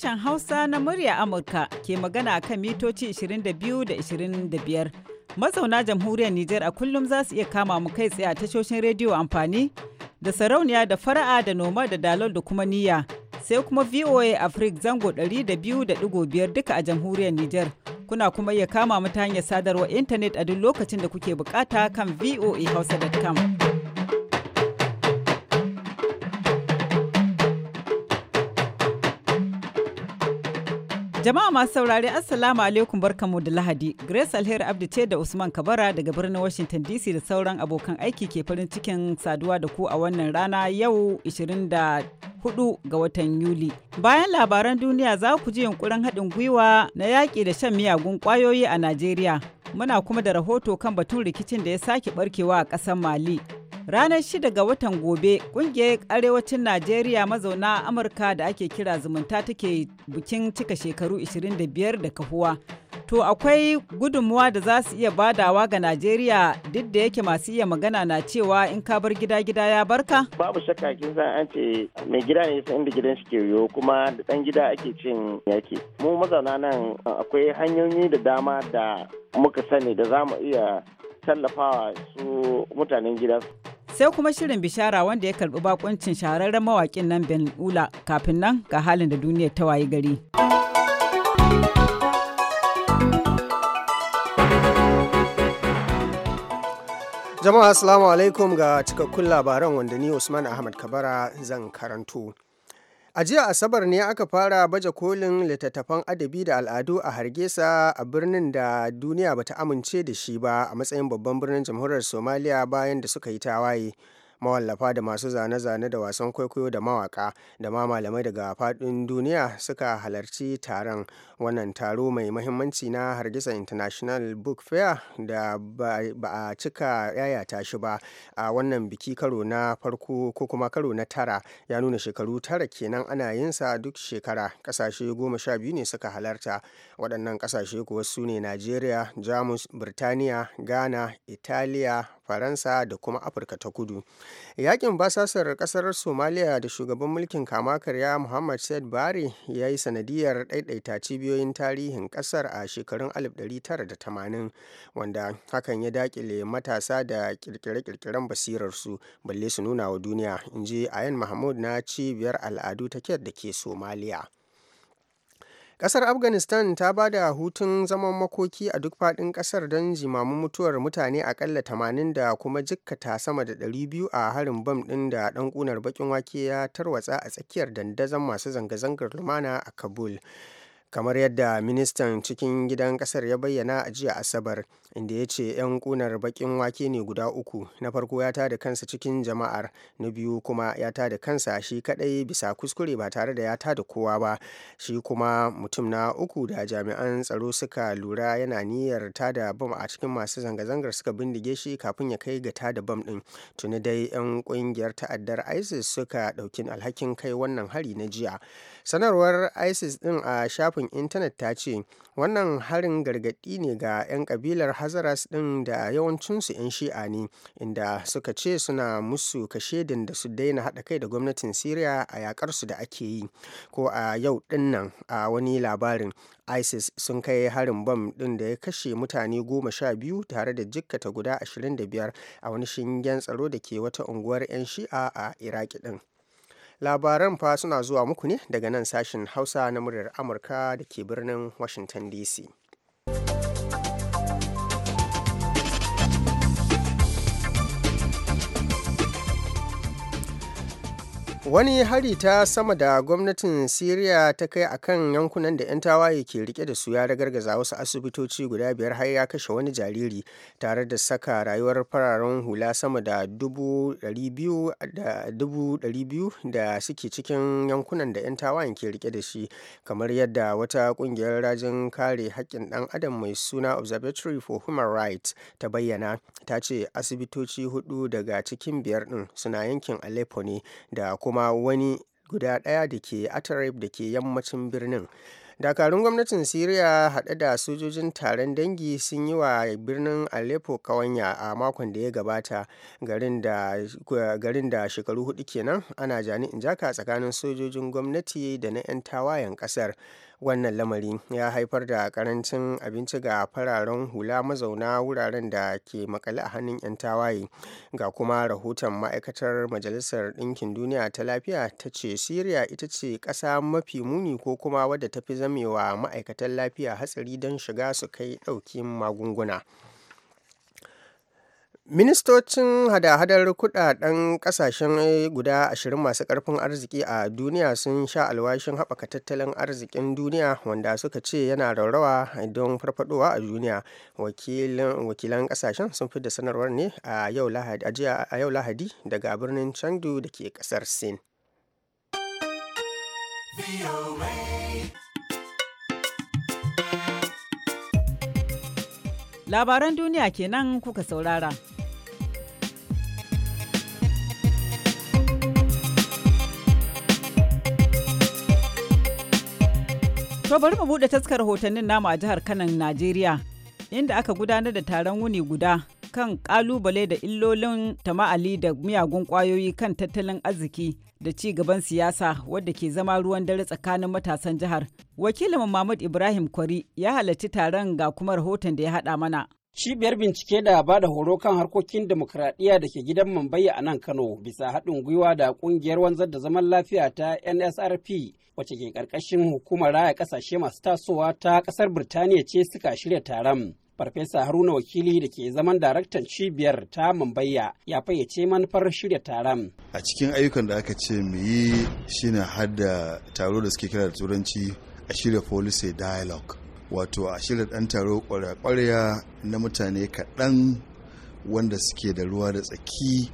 sashen Hausa na murya Amurka ke magana kan mitoci 22 da 25. Mazauna jamhuriyar Nijar a kullum za su iya kama mu kai tsaye a tashoshin rediyo amfani da sarauniya da fara'a da noma da dalol da kuma niyya. Sai kuma VOA Africa zango 200.5 duka a jamhuriyar Nijar. Kuna kuma iya kama mu ta hanyar sadarwar intanet a duk lokacin da kuke bukata kan voahausa.com. Jama'a masu saurari Assalamu alaikum barkamu da Lahadi. Grace Alheri Abdi ce da Usman Kabara daga birnin Washington DC da sauran abokan aiki ke farin cikin saduwa da ku a wannan rana yau 24 ga watan Yuli. Bayan labaran duniya za ku ji yunkurin haɗin gwiwa na yaki da shan miyagun ƙwayoyi a Najeriya. Muna kuma da rahoto kan batun rikicin da ya sake barkewa a ƙasar Mali. Ranar 6 ga watan gobe, kungiyar arewacin Najeriya mazauna Amurka da ake kira zumunta take bikin cika shekaru 25 da kahuwa. To akwai gudunmuwa da za su iya badawa ga Najeriya duk da yake masu iya magana na cewa in ka bar gida gida ya barka? Babu shakka kin san an ce mai gida ne san inda gidan shi ke yiwu kuma da dan gida ake cin yaki. Mu mazauna nan akwai hanyoyi da dama da muka sani da za mu iya tallafawa su mutanen gidan. Sai kuma shirin bishara wanda ya karbi bakuncin shahararren mawakin nan Ben Ula kafin nan ga halin da duniyar ta wayi gari. Jama'a Assalamu alaikum ga cikakkun labaran wanda ni Usman Ahmad Kabara zan karanto. A jiya Asabar ne aka fara baje kolin littattafan adabi da al'adu a Hargesa a birnin da duniya bata amince da shi ba a matsayin babban birnin jamhuriyar Somaliya bayan da suka yi tawaye. mawallafa da masu zane-zane da wasan kwaikwayo da mawaka da ma malamai daga faɗin duniya suka halarci taron wannan taro mai mahimmanci na hargitsa international book fair da ba a cika yayata shi ba a wannan biki karo na farko ko kuma karo na tara ya nuna shekaru tara kenan ana yinsa duk shekara ƙasashe goma sha biyu ne suka halarta waɗannan ƙasashe kuwa su ne najeriya jamus birtaniya ghana italiya faransa da kuma afirka ta kudu yakin basasar kasar somaliya da shugaban mulkin kama karya muhammad said bari ya yi sanadiyar ɗaiɗaita cibiyoyin tarihin kasar a shekarun 1980 wanda hakan ya dakile matasa da kirkire-kirkiren basirarsu balle su nuna wa duniya in ji ayan mahmud na cibiyar al'adu ta da ke somaliya Ƙasar Afghanistan ta ba da hutun zaman makoki a duk faɗin ƙasar don jimamin mutuwar mutane aƙalla 80 da kuma jikkata sama da 200 a harin bam ɗin da ɗan ƙunar baƙin wake ya tarwatsa a tsakiyar dandazon masu zanga-zangar lumana a Kabul. kamar yadda ministan cikin gidan kasar ya bayyana a jiya asabar inda ya ce 'yan kunar bakin wake ne guda uku na farko ya tada kansa cikin jama'ar na biyu kuma ya tada kansa shi kadai bisa kuskure ba tare da ya tada kowa ba shi kuma mutum na uku da jami'an tsaro suka lura yana niyyar tada bam a cikin masu zanga-zangar suka bindige shi kafin ya kai ga tada bam din tuni dai 'yan kungiyar ta'addar isis suka daukin alhakin kai wannan hari na jiya sanarwar isis ɗin a shafin intanet ta ce wannan harin gargaɗi ne ga 'yan kabilar hazaras ɗin da yawancinsu 'yan shi'a ne inda suka ce suna musu kashedin da su daina haɗa kai da gwamnatin syria a yakarsu da ake yi ko a yau din nan a wani labarin isis sun kai harin bam ɗin da ya kashe mutane goma sha biyu tare da jikkata guda 25 a wani shingen tsaro da ke wata unguwar 'yan shi'a a iraki ɗin. labaran fa suna zuwa muku ne daga nan sashen hausa na muryar amurka da ke birnin washington dc wani hari ta sama da gwamnatin syria ta kai a kan yankunan da 'yan tawaye ke rike da su ya ragargaza wasu asibitoci guda biyar har ya kashe wani jariri tare da saka rayuwar fararen hula sama da 200,000 da suke cikin yankunan da 'yan tawayen ke rike da shi kamar yadda wata kungiyar rajin kare haƙƙin ɗan adam mai suna observatory for human rights ta bayyana ta ce asibitoci hudu daga cikin biyar ɗin suna yankin aleppo ne da kuma kuma wani guda daya da ke atarib da ke yammacin birnin dakarun gwamnatin syria hade da sojojin taron dangi sun yi wa birnin aleppo kawanya a makon da ya gabata garin da shekaru hudu kenan ana in jaka tsakanin sojojin gwamnati da na 'yan tawayen kasar. wannan lamari ya haifar da karancin abinci ga fararen hula mazauna wuraren da ke makale a hannun 'yan tawaye ga kuma rahoton ma'aikatar majalisar ɗinkin duniya ta lafiya ta ce syria ita ce ƙasa mafi muni ko kuma wadda ta fi zamewa ma'aikatan lafiya hatsari don shiga su kai ɗaukin magunguna. ministocin hada-hadar kudaden kasashen guda ashirin masu karfin arziki a duniya sun sha alwashin haɓaka tattalin arzikin duniya wanda suka ce yana raurawa don farfadowa a duniya wakilan kasashen sun fi da sanarwar ne a yau lahadi daga birnin chengdu da ke kasar sin labaran duniya kenan kuka saurara To bari mu buɗe taskar rahotannin namu a jihar Kanan, Najeriya, inda aka gudanar da taron wuni guda kan ƙalubale da illolin tama'ali da miyagun kwayoyi kan tattalin arziki da ci gaban siyasa wadda ke zama ruwan dare tsakanin matasan jihar. Wakilin Mahmud Ibrahim Kwari ya halarci taron ga kuma rahoton da ya haɗa mana. Cibiyar bincike da ba da horo kan harkokin demokuraɗiyya da ke gidan Mumbai a nan Kano bisa haɗin gwiwa da ƙungiyar wanzar da zaman lafiya ta NSRP wacce ke ƙarƙashin hukumar raya ƙasashe masu tasowa ta ƙasar Birtaniya ce suka shirya taron. Farfesa Haruna Wakili da ke zaman daraktan cibiyar ta Mumbai ya fayyace manufar shirya taron. A cikin ayyukan da aka ce mu yi shine hada taro da suke kira da turanci a shirya policy dialogue wato a shirya ɗan taro kwarya-kwarya na mutane kaɗan wanda suke da ruwa da tsaki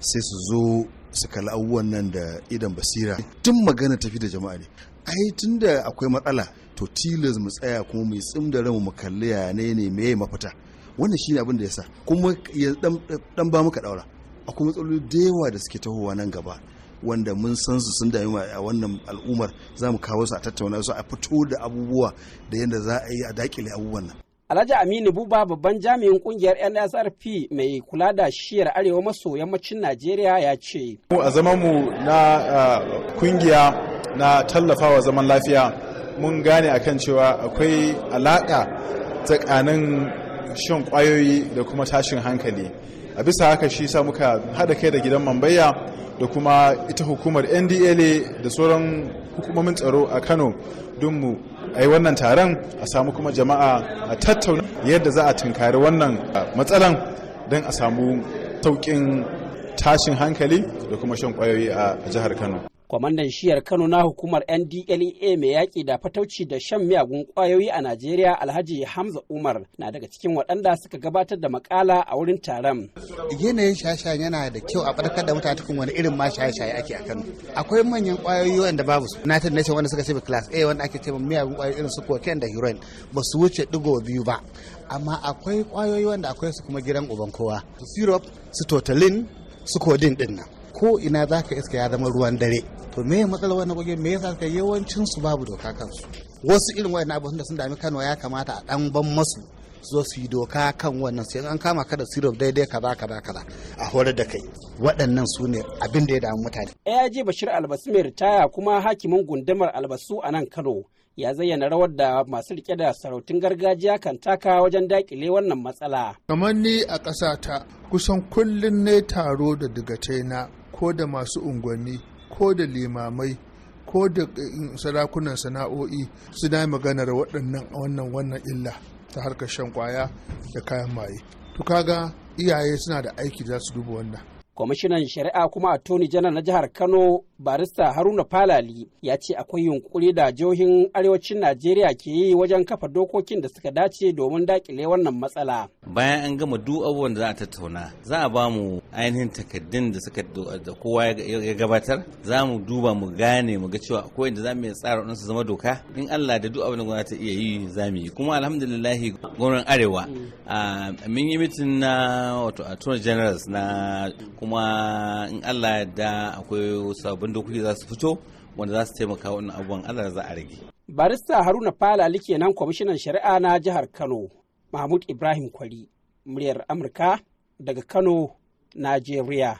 sai su zo su kala abubuwan nan da idan basira tun magana tafi da jama'a ne ai tun da akwai matsala to tilas mu tsaya kuma mu tsim da ranmu mu kalli ya ne ne me mafita wannan shine abin da ya sa kuma ya dan ba muka daura akwai matsaloli da yawa da suke tahowa nan gaba wanda mun san su sun dami a wannan al'ummar za mu kawo su a tattauna su a fito da abubuwa da yadda za a yi a dakile abubuwan nan. Alhaji Aminu Buba babban jami'in kungiyar NSRP mai kula da shiyar arewa maso yammacin Najeriya ya ce. Mu a zaman mu na kungiya na tallafawa zaman lafiya mun gane akan cewa akwai alaƙa tsakanin shan kwayoyi da kuma tashin hankali. A bisa haka shi sa muka haɗa kai da gidan Mambayya da kuma ita hukumar ndla da sauran hukumomin tsaro a kano don mu a yi wannan taron a samu kuma jama'a a tattauna yadda za a tunkari wannan matsalan don a samu sauƙin tashin hankali da kuma shan kwayoyi a jihar kano kwamandan shiyar kano na hukumar ndlea mai yaƙi da fatauci da shan miyagun ƙwayoyi a najeriya alhaji hamza umar na daga cikin waɗanda suka gabatar da makala a wurin taron yanayin shashayen yana da kyau a ɓarkar da mutane cikin wani irin ma shaye-shaye ake a kano akwai manyan ƙwayoyi wanda babu su na tun nation wanda suka ce class a wanda ake ce miyagun ƙwayoyi irin su cocaine da heroin ba su wuce digo biyu ba amma akwai ƙwayoyi wanda akwai su kuma gidan uban kowa su syrup su totalin su codeine din ko ina zaka iska ya zama ruwan dare to me matsalar wannan kungiyoyin me yasa kai yawancin su babu doka kansu wasu irin wayannan abubuwan da sun dami Kano ya kamata a dan ban masu zo su yi doka kan wannan sai an kama ka da daidai kaza kaza kaza a horar da kai waɗannan su ne abin da ya damu mutane AIG Bashir Albasu mai ritaya kuma hakimin gundumar Albasu a nan Kano ya zayyana rawar da masu rike da sarautun gargajiya kan taka wajen dakile wannan matsala. Kamar ni a ƙasata kusan kullum ne taro da digatai ko da masu unguwanni ko da limamai ko da eh, sarakunan sana'o'i suna maganar waɗannan wannan wannan illa ta harkar shan kwaya da kayan maye to kaga iyaye suna da aiki za su duba wannan kwamishinan shari'a kuma attorney general na jihar kano barista haruna falali ya ce akwai yunkuri da jihohin arewacin najeriya ke yi wajen kafa dokokin da suka dace domin dakile wannan matsala bayan an gama duk abubuwan da za a tattauna za a ba mu ainihin takaddun da suka da kowa ya gabatar za mu duba mu gane mu ga cewa akwai inda za mu iya tsara su zama doka in allah da duk abin da gwamnati ta iya yi za mu yi kuma alhamdulillah gwamnatin arewa mm. ah, mun yi mitin na wato attorney generals na kuma in allah da akwai sabbin dokoki za su fito wanda za su taimaka wannan abubuwan allah za a rage barista haruna Fala like nan kwamishinan shari'a na jihar kano mahmud ibrahim kwari muryar amurka daga kano najeriya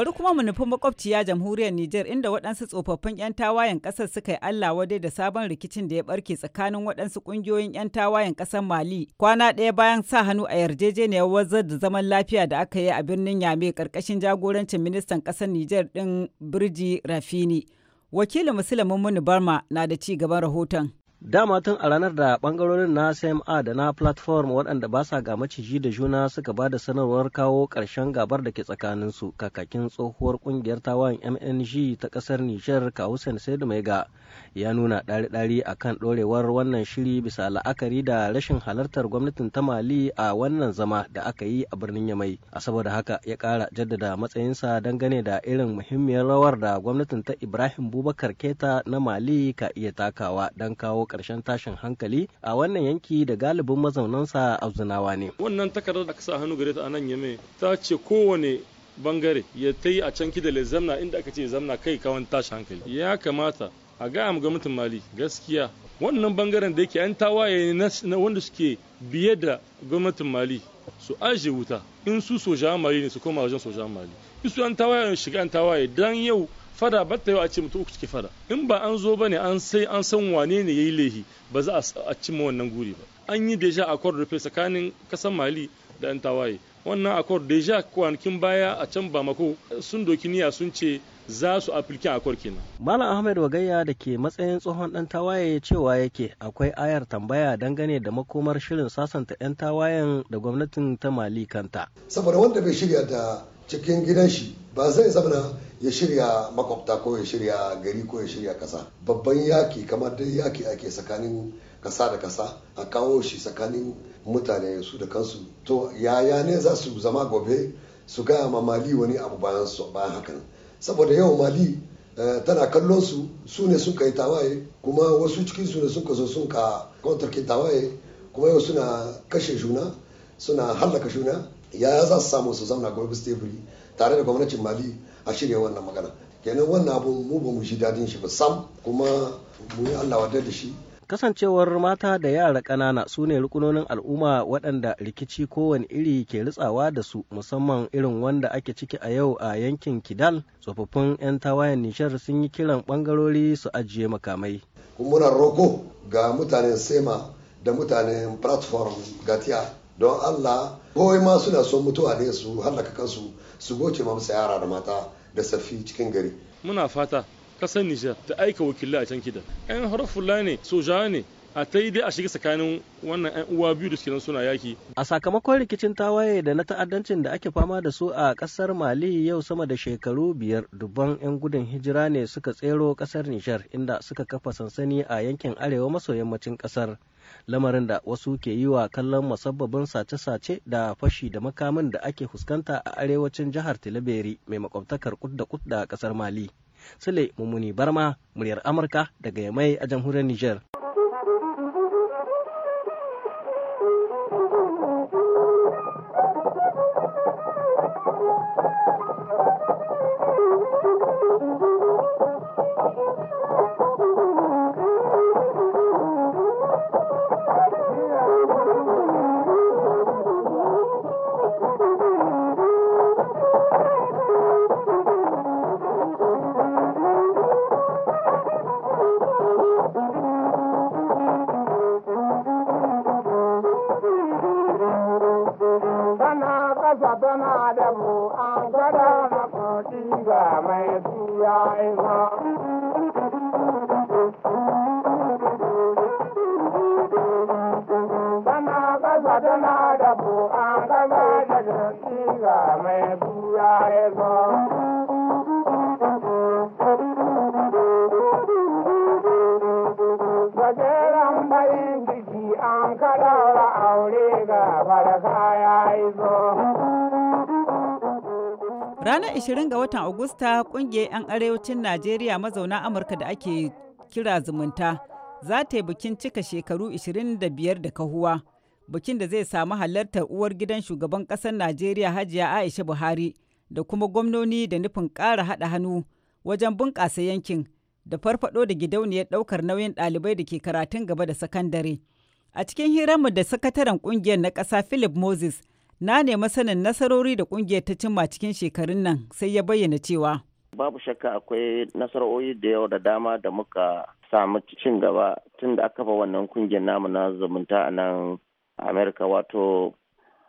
Bari kuma mu nufi makwabciya jamhuriyar Nijar inda waɗansu tsofaffin 'yan tawayen ƙasar suka yi Allah wadai da sabon rikicin da ya ɓarke tsakanin waɗansu ƙungiyoyin 'yan tawayen ƙasar Mali kwana ɗaya bayan sa hannu a yarjejeniyar wazar da zaman lafiya da aka yi a birnin Yame ƙarƙashin jagorancin ministan ƙasar Nijar ɗin Birji Rafini. Wakilin Musulmin Muni Barma na da ci gaban rahoton. Dama tun a ranar da bangarorin na CMA da na platform waɗanda ba sa ga maciji da juna suka ba da sanarwar kawo ƙarshen gabar da ke tsakaninsu kakakin tsohuwar ƙungiyar tawan MNG ta ƙasar Nijar Kawusen Saidu Maiga ya nuna ɗari-ɗari a kan ɗorewar wannan shiri bisa la'akari da rashin halartar gwamnatin ta mali a wannan zama da aka yi a birnin yamai a saboda haka ya ƙara jaddada matsayinsa dangane da irin muhimmiyar rawar da gwamnatin ta ibrahim bubakar keta na mali ka iya takawa don kawo ƙarshen tashin hankali a wannan yanki da galibin mazaunansa abzunawa ne wannan takardar da aka sa hannu gare ta a nan yame ta ce kowane bangare ya ta yi a can kidale zamna inda aka ce zamna kai kawan tashi hankali ya kamata a ga mu gwamnatin mali gaskiya wannan bangaren da yake an tawaye na wanda suke biye da gwamnatin mali su aje wuta in su sojan mali ne su koma wajen sojan mali isu an tawaye shiga an tawaye dan yau fada batta yau a ce mutum uku suke fada in ba an zo bane an sai an san wane ne yayi lehi ba za a cimma wannan guri ba an yi deja accord rufe tsakanin kasan mali da yan tawaye wannan accord deja kwanakin baya a can bamako sun doki niyya sun ce za su afirki a kenan. Malam Ahmed Wagayya da ke matsayin tsohon ɗan tawaye cewa yake akwai ayar tambaya dangane da makomar shirin sasanta 'yan tawayen da gwamnatin ta Mali kanta. Saboda wanda bai shirya da cikin gidan shi ba zai zamana ya shirya makwabta ko ya shirya gari ko ya shirya kasa babban yaki kamar dai yaki ake tsakanin kasa da kasa a kawo shi tsakanin mutane su da kansu to yaya ne za su zama gobe su gaya ma mali wani abu bayan hakan saboda yau mali eh, tana kallon su su ne sun kai tawaye kuma wasu cikin su ne sun kaso sun ka ke tawaye kuma yau suna kashe juna suna hallaka juna ya za su samu su zamna gobe stable tare da gwamnatin mali a shirya wannan magana kenan wannan abu mu ba mu shi dadin shi ba sam kuma mu yi allah wadda da shi Kasancewar mata da yara ƙanana su ne rukunonin al'umma waɗanda rikici kowane iri ke ritsawa da su musamman irin wanda ake ciki a yau a yankin Kidal, tsofaffin 'yan tawayen nishar sun yi kiran ɓangarori su ajiye makamai. Muna roko ga mutanen Sema da mutanen platform Gatiya don Allah kowai ma suna son mutuwa ne su hallaka kansu su goce mamsa yara da mata da safi cikin gari. Muna fata kasar Nijar ta aika wakilai a can kidan yan harafulla ne soja ne a ta yi dai a shiga tsakanin wannan 'yan uwa biyu da suke nan suna yaki. A sakamakon rikicin tawaye da na ta'addancin da ake fama da su a ƙasar Mali yau sama da shekaru biyar dubban 'yan gudun hijira ne suka tsero ƙasar Nijar inda suka kafa sansani a yankin arewa maso yammacin ƙasar. Lamarin da wasu ke yi wa kallon musabbabin sace-sace da fashi da makamin da ake fuskanta a arewacin jihar Tilaberi mai makwabtakar kudda-kudda a ƙasar Mali. Sule Mumuni Barma, muryar Amurka daga Yamai a jamhuriyar niger. ranar 20 ga watan Agusta kungiyar 'yan arewacin Najeriya mazauna Amurka da ake kira zumunta za ta yi bikin cika shekaru 25 da kahuwa. Bikin da zai samu halartar uwar gidan shugaban ƙasar Najeriya Hajiya Aisha Buhari da kuma gwamnoni da nufin ƙara haɗa hannu wajen bunƙasa yankin da farfaɗo da gidauniyar ɗaukar nauyin ɗalibai da ke karatun gaba da sakandare. A cikin hiranmu da sakataren ƙungiyar na ƙasa Philip Moses Na nema sanin nasarori da kungiyar ta cimma cikin shekarun nan sai ya bayyana cewa. Babu shakka akwai nasarori da yau da dama da muka samu cin gaba tun da aka fa wannan kungiyar namu na zumunta a nan Amerika wato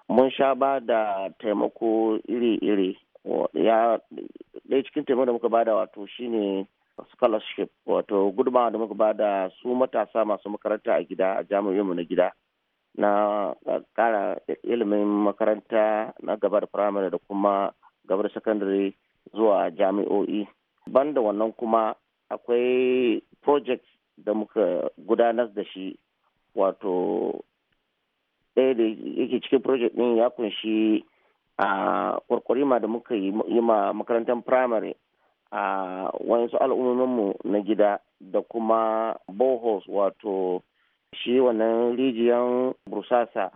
mun sha ba da taimako iri-iri. ya Ɗaya cikin taimako da muka bada wato shine scholarship wato gudunmawa da muka bada su matasa masu makaranta a gida a jami'inmu na gida na kara ilimin makaranta na gaba da firamare da kuma gabar sakandare zuwa jami'o'i banda wannan kuma akwai project da muka gudanar da shi wato ɗaya da yake cikin project ɗin ya kunshi a da muka yi ma makarantar primary a su al'ummominmu na gida da kuma bohos wato shi wannan rijiyar bursasa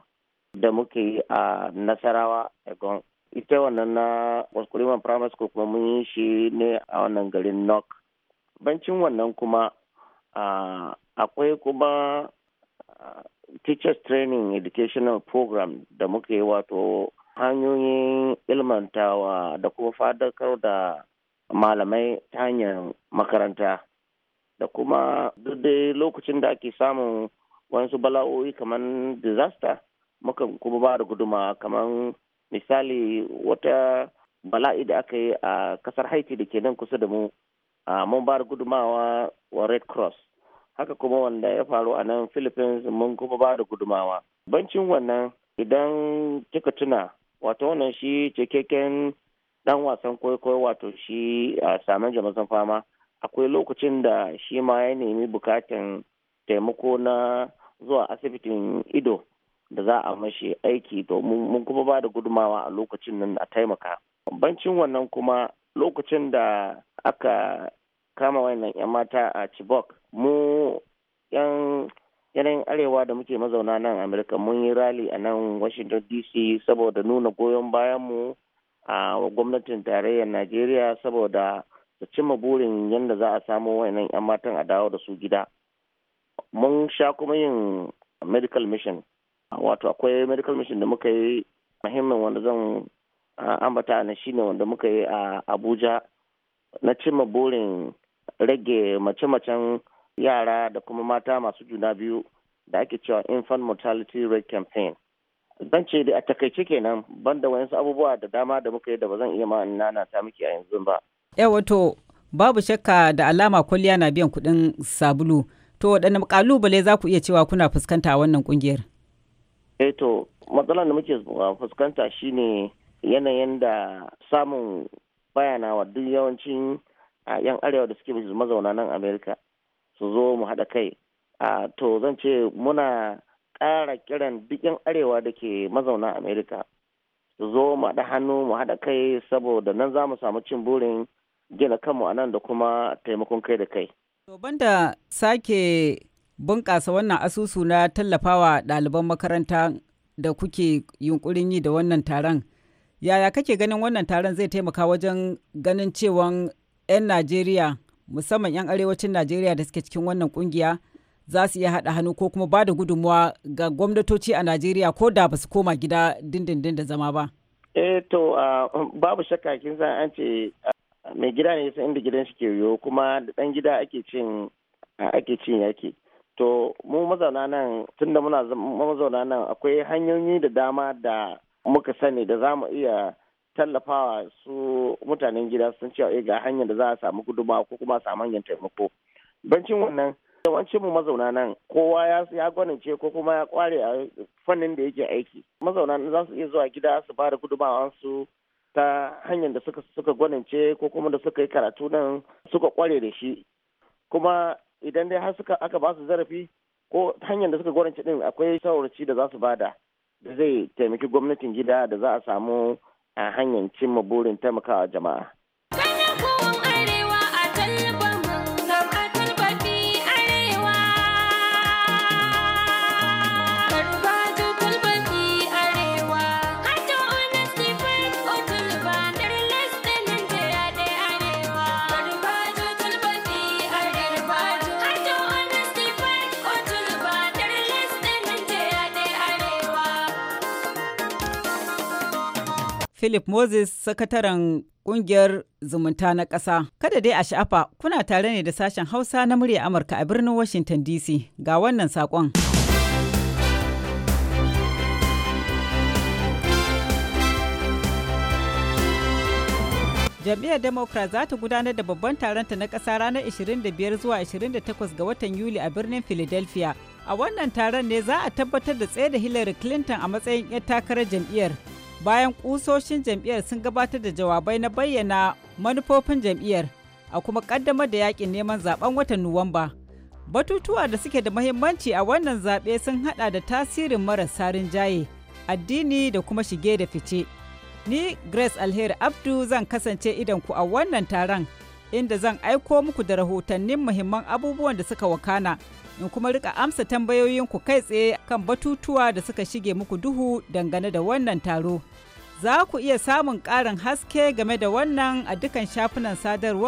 da muke yi a nasarawa egon ita wannan na waskuliman primary school kuma mun yi shi ne a wannan garin nok bancin wannan kuma akwai kuma teachers training educational program da muka yi wato hanyoyin ilmantawa da kuma fadakar da malamai ta hanyar makaranta da kuma duk dai lokacin da ake samun wasu bala'o'i kamar disaster mukan kuma ba da guduma kamar misali wata bala'i da aka yi a kasar haiti da ke nan kusa da mu mun ba da gudumawa wa red cross haka kuma wanda ya faru a nan philippines mun kuma ba da gudumawa bancin wannan idan kika tuna wato wannan shi cikakken dan wasan kwaikwayo wato shi a saman jamasan fama akwai lokacin da shi ma ya nemi bukatan taimako na zuwa asibitin ido da za a mashi aiki domin mun kuma ba da gudumawa a lokacin nan a taimaka. Bancin wannan kuma lokacin da aka kama wannan 'yan mata a Chibok, mu 'yan yanayin arewa da muke mazauna nan Amurka mun yi rali a nan Washington DC saboda nuna goyon bayan mu a gwamnatin tarayyar Najeriya saboda su cimma burin yadda za a samo wayannan 'yan matan a dawo da su gida. mun sha kuma yin medical mission wato akwai medical mission da muka yi muhimmin wanda zan ambata na shine wanda muka yi a abuja na cimma burin rage mace-macen yara da kuma mata masu juna biyu da ake cewa infant mortality rate campaign zan ce da a takaice kenan banda wayansu abubuwa da dama da muka yi da ba zan iya ma nana ta miki a yanzu ba yawato babu shakka da alama kwalliya na biyan kuɗin sabulu To waɗanne kalubale za ku iya cewa kuna fuskanta a wannan kungiyar? Eh to matsalar da muke uh, fuskanta shine yanayin da samun wa duk yawancin uh, yan arewa da suke mazauna nan Amerika su zo mu haɗa kai. Uh, to zan ce muna ƙara kiran duk yan arewa da ke mazauna Amerika su zo mu haɗa hannu mu haɗa kai saboda nan za mu samu cin burin gina kanmu a nan da kuma taimakon kai da kai. To banda sake bunƙasa wannan asusu na tallafawa ɗaliban makaranta da kuke yunkurin yi da wannan taron. Yaya kake ganin wannan taron zai taimaka wajen ganin cewan 'yan Najeriya musamman 'yan arewacin Najeriya da suke cikin wannan kungiya za su iya haɗa hannu ko kuma ba da gudunmuwa ga gwamnatoci a Najeriya ko da ba su koma gida dindindin da zama ba? Eh to babu shakka kin an ce mai gida ne san inda gidan shi ke yiwu kuma da dan gida ake cin ake cin yake to mu mazauna nan tunda muna mazauna nan akwai hanyoyi da dama da muka sani da za mu iya tallafawa su mutanen gida sun cewa eh, ga hanyar da za a samu guduma ko kuma samu hanyar taimako bancin wannan yawancin mu mazauna nan kowa ya ya gwanince ko kuma ya kware a fannin da yake aiki mazauna nan za su iya zuwa gida su ba da gudumawa su ta hanyar da suka suka gwanince ko kuma da suka yi karatu nan suka kware da shi kuma idan dai har suka aka ba su zarafi ko hanyar da suka gwanince din akwai shawarci da za su bada da zai taimaki gwamnatin gida da za a samu a hanyar cimma burin taimakawa jama'a Philip Moses, sakataren kungiyar zumunta na ƙasa. Kada dai a sha'afa kuna tare ne da sashen Hausa na murya Amurka a birnin Washington DC ga wannan saƙon. jam'iyyar democrat za ta gudanar da babban taronta na ƙasa ranar 25 zuwa 28 ga watan yuli a birnin philadelphia a wannan taron ne za a tabbatar da tsaye da hillary clinton a matsayin 'yar takarar jam'iyyar bayan kusoshin jam'iyyar sun gabatar da jawabai na bayyana manufofin jam'iyyar a kuma kaddamar da yakin neman zaben watan nuwamba batutuwa da suke da mahimmanci a wannan zaɓe sun hada da tasirin marasa jaye addini da kuma shige da fice ni grace alheri abdu zan kasance idan ku a wannan taron inda zan aiko muku da rahotannin muhimman abubuwan da suka wakana in kuma rika amsa tambayoyinku kai tsaye kan batutuwa da suka shige muku duhu dangane da wannan taro. Za ku iya samun ƙarin haske game da wannan a dukkan shafunan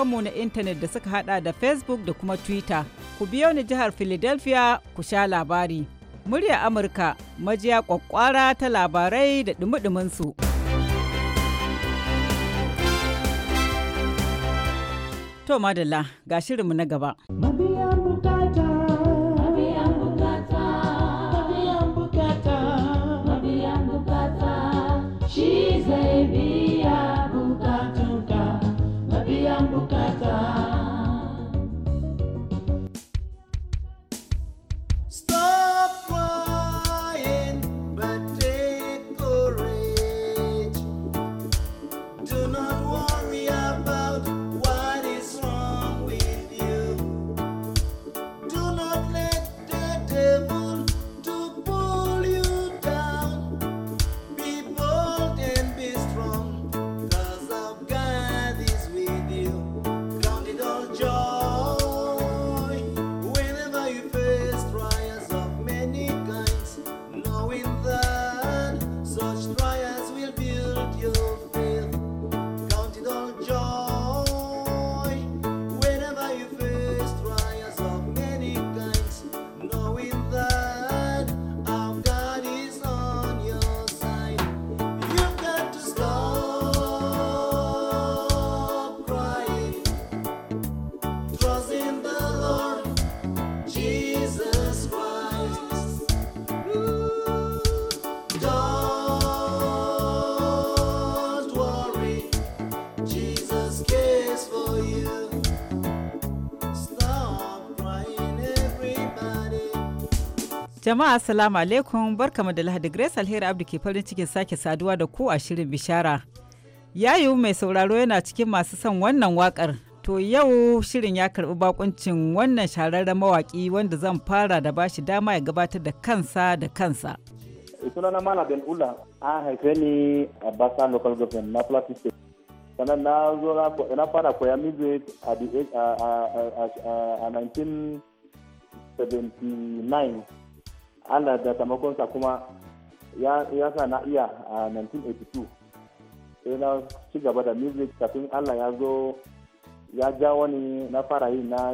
mu na intanet da suka hada da Facebook da kuma Twitter. Ku biyo ni jihar Philadelphia ku sha labari. Murya Amurka, majiya kwakwara ta labarai da dumi su. To madalla ga shirinmu na gaba. Jama'a assalamu alaikum barkamu da Lahadi Grace Alheri Abdu ke farin cikin sake saduwa da ku a shirin bishara. Yayu mai sauraro yana cikin masu son wannan wakar. To yau shirin ya karbi bakuncin wannan shararren mawaki wanda zan fara da bashi dama ya gabatar da kansa da kansa. na Mala Ben Ula a haife ni a Basa Local Government na Plateau State. Sannan na zo na fara koya music a 1979 Allah da taimakonsa kuma ya sa na iya a 1982 sai na ci gaba da music kafin Allah ya zo ya ja wani na fara yi na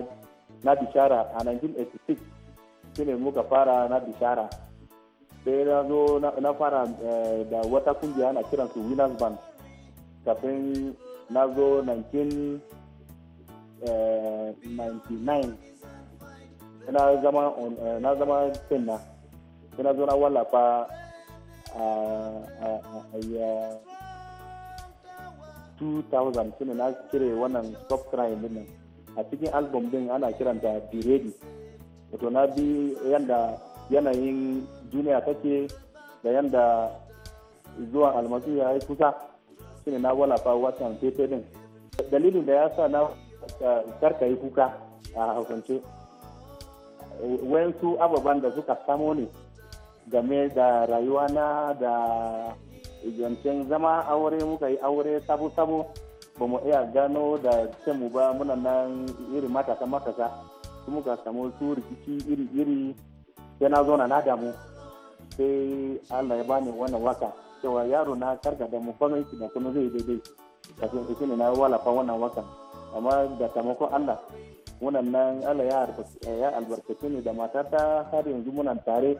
bishara a 1986 shine muka fara na bishara sai na zo na fara eh, da wata kungiya na kiran su winners band kafin na zo 1999 eh, na zama eh, na suna na wala fa wallafa a 2000 suna na kire wannan stop crime din nan a cikin album din ana kiranta be ready wato na bi yanda yanayin duniya take da yanda zuwa almasu ya yi kusa shine na wallafa watan pepe din dalilin da ya sa na karka yi kuka a hausance wayansu ababen da suka samo ne game da rayuwa na da zancen zama aure muka yi aure sabo-sabo ba mu iya gano da mu ba muna nan irin matasa matasa su muka samu su rikici iri-iri sai na zo na na damu sai allah ya bani wannan waka cewa yaro na karga da mu kwamai da kuma zai daidai kafin su ne na walafa wannan waka amma da taimakon allah wannan nan allah ya albarkace ne da matata har yanzu muna tare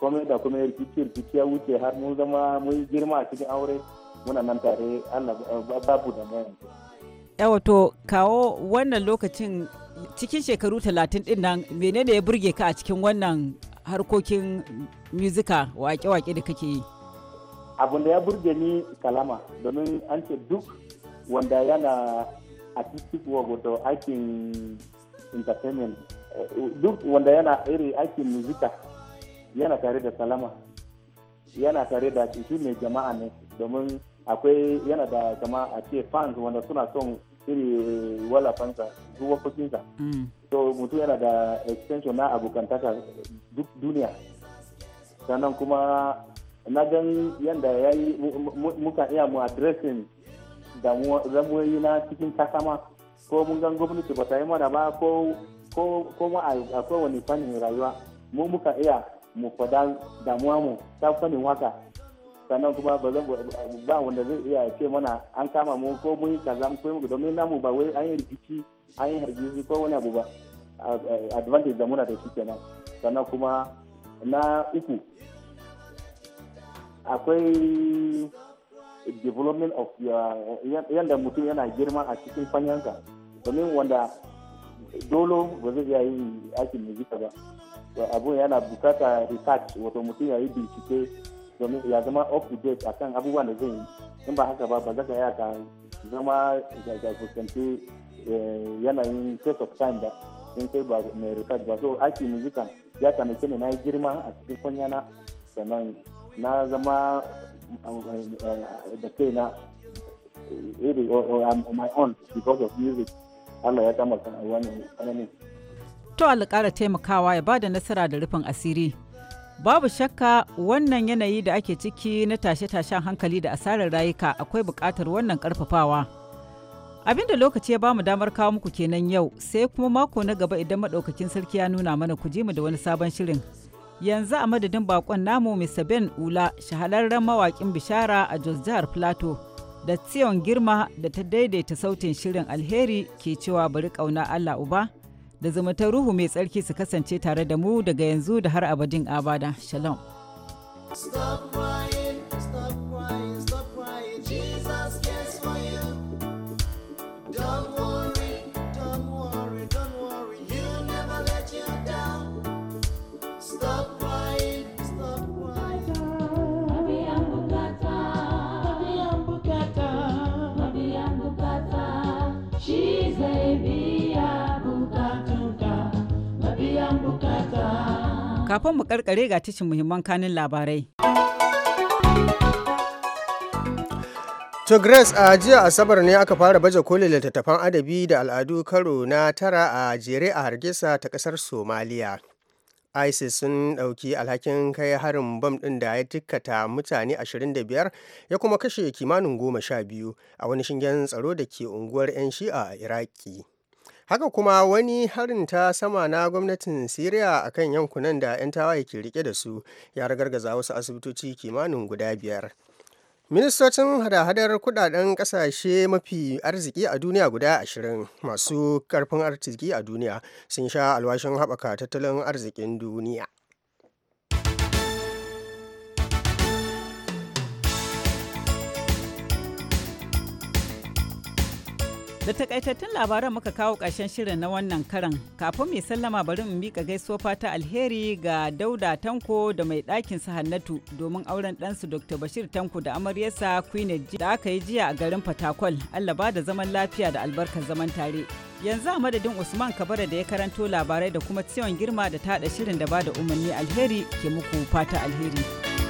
komai da kuma rikici rikici ya wuce har mun zama mun girma a cikin aure muna nan tare Allah babu da mai yawa to kawo wannan lokacin cikin shekaru talatin din nan menene ya burge ka a cikin wannan harkokin muzika wake-wake da kake yi abin da ya burge ni kalama domin an ce duk wanda yana artistic work wato aikin entertainment eh, duk wanda yana iri aikin muzika yana tare da salama yana tare da ciki mai jama'a ne domin akwai yana da kama a ce fans wanda suna son iri wala fansa zuwa wakokinsa mm. so mutum yana da extension na abokantaka duk duniya sannan kuma na gan yadda ya yi muka iya mu addressing damuwoyi na cikin kasama ko mun gan gwamnati ba ta yi mana ba ko ko mu a fannin rayuwa mu muka iya mu faɗa damuwa mu ta fannin waka sannan kuma ba zan ba wanda zai iya ce mana an kama mu ko mun kaza kaza ko mu domin namu ba wai an yi rikici an yi hargitsi ko wani abu ba advantage da muna da shi kenan sannan kuma na uku akwai development of yadda mutum yana girma a cikin fanyanka, domin wanda dolo ba zai iya yi aikin muzika ba abu yana bukata research wato mutum ya yi bincike domin ya zama up to date akan abubuwan da zai yi in ba haka ba ba zaka yi ka zama ga fuskanci eh, yanayin case of time ba in kai ba mai research ba so aiki muzika ya taimake ne na yi girma a cikin kwanyana sannan na zama eh, da kai na iri on my own because of music Allah ya kama a to alƙara taimakawa ya ba da nasara da rufin asiri babu shakka wannan yanayi da ake ciki na tashe-tashen hankali da asarar rayuka akwai buƙatar wannan ƙarfafawa abin da lokaci ya bamu damar kawo muku kenan yau sai kuma mako na gaba idan maɗaukakin sarki ya nuna mana ku ji mu da wani sabon shirin yanzu a madadin baƙon namu Mr. Ben Ula shahararren mawakin bishara a Jos Jihar Plateau da Tsiyon Girma da ta daidaita sautin shirin alheri ke cewa bari kauna Allah Uba da zumuntar ruhu mai tsarki su kasance tare da mu daga yanzu da har abadin abada shalom stop crying, stop crying. Kafin mu karkare ga tashin muhimman kanin labarai. To Grace a jiya Asabar ne aka fara baje koli littattafan adabi da al'adu karo na tara a jere a Hargisa ta kasar Somaliya. isis sun ɗauki alhakin kai harin bam ɗin da ya tikkata mutane 25 ya kuma kashe kimanin goma sha biyu a wani shingen tsaro da ke unguwar 'yan shi'a a iraki haka kuma wani harin ta sama na gwamnatin syria a kan yankunan da 'yan tawaye ke rike da su ya ragargaza wasu asibitoci kimanin guda biyar ministocin hada-hadar kudaden kasashe mafi arziki a duniya guda ashirin masu karfin arziki a duniya sun sha alwashin haɓaka tattalin arzikin duniya Da takaitattun labaran muka kawo ƙarshen shirin na wannan karan. Kafin mai sallama bari in miƙa gaisuwa fata alheri ga Dauda Tanko da mai ɗakin sa Hannatu domin auren ɗansu Dr. Bashir Tanko da amaryarsa Queen da aka yi jiya a garin Fatakwal. Allah ba da zaman lafiya da albarkar zaman tare. Yanzu a madadin Usman Kabara da ya karanto labarai da kuma ciwon girma da taɗa shirin da ba da umarni alheri ke muku fata alheri.